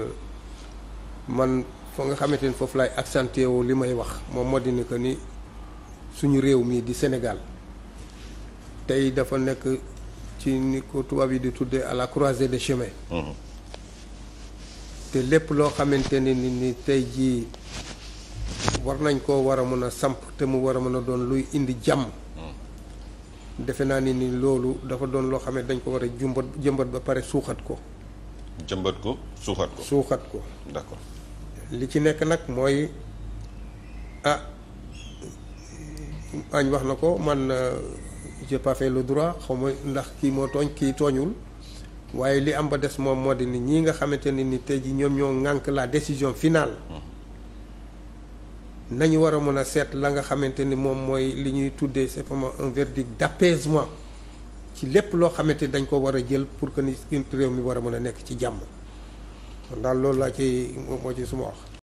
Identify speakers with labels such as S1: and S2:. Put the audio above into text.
S1: Euh, man fa nga xamante ni foofu laay accentué woo li may wax moom moo di ni que ni suñu réew mii di Sénégal tey dafa nekk ci ni ko tubaab yi di tuddee à la croisée des chemins. Mhm. te lépp loo xamante nit ni tey jii war nañ koo war a mën a samp te mu war a mën a doon luy indi jàmm.
S2: Mhm.
S1: defe naa ni ni loolu dafa doon loo xam ne dañ ko war a jumbat jëmbat ba pare suuxat ko.
S3: jëmbat ko suuxat ko
S1: suuxat ko d'accord li ci nekk nag mooy ah añ wax na ko man euh, j'ai pas fait le droit xaw ma ndax kii moo tooñ kii tooñul waaye li am ba des moom moo di nit ñi nga xamante ni ni tey ji ñoom ñoo ŋànk la décision finale mm-hmm. nañu war a mën a seet la nga xamante ni moom mooy li ñuy tuddee c'est vraiment un verdict d'apaisement ci lépp loo xamante dañ ko war a jël pour que ni réew mi war a mën a nekk ci jàmm kon daal loolu laa ci moo ci suma wax